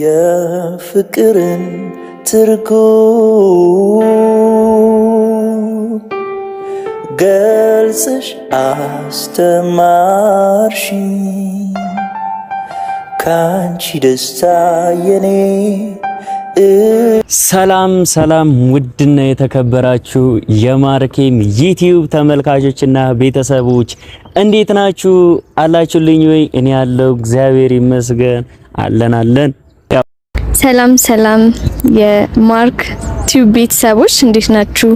የፍቅርን ትርጉ ገልጽሽ አስተማርሽ ካንቺ ደስታ የኔ ሰላም ሰላም ውድና የተከበራችሁ የማርኬም ዩቲዩብ ተመልካቾችና ቤተሰቦች እንዴት ናችሁ? አላችሁልኝ ወይ? እኔ ያለው እግዚአብሔር ይመስገን አለን አለን ሰላም ሰላም የማርክ ቲዩብ ቤተሰቦች እንዴት ናችሁ?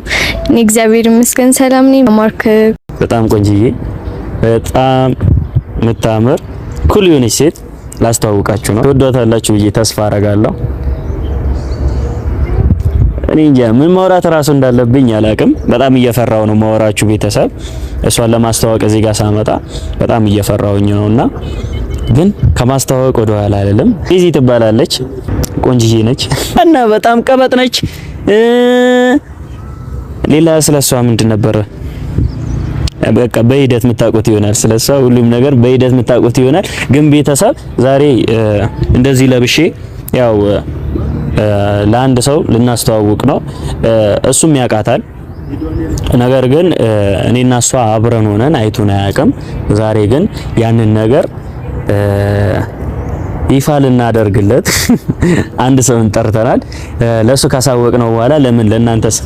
እኔ እግዚአብሔር ይመስገን ሰላም ነኝ። ማርክ በጣም ቆንጅዬ፣ በጣም የምታምር ኩል የሆነች ሴት ላስተዋውቃችሁ ነው። ትወዷታላችሁ ብዬ ተስፋ አረጋለሁ። እኔ እንጃ ምን ማውራት እራሱ እንዳለብኝ አላቅም። በጣም እየፈራው ነው ማውራችሁ ቤተሰብ። እሷን ለማስተዋወቅ እዚህ ጋር ሳመጣ በጣም እየፈራውኝ ነውና ግን ከማስተዋወቅ ወደ ኋላ አይደለም። ኢዚ ትባላለች። ቆንጅዬ ነች እና በጣም ቀበጥ ነች። ሌላ ስለሷ ምንድን ነበረ? በቃ በሂደት የምታውቁት ይሆናል። ስለሷ ሁሉም ነገር በሂደት የምታውቁት ይሆናል። ግን ቤተሰብ ዛሬ እንደዚህ ለብሼ ያው ለአንድ ሰው ልናስተዋውቅ ነው። እሱም ያውቃታል። ነገር ግን እኔና እሷ አብረን ሆነን አይቱን አያውቅም። ዛሬ ግን ያንን ነገር ይፋ ልናደርግለት አንድ ሰውን ጠርተናል። ለሱ ካሳወቅነው በኋላ ለምን ለእናንተስ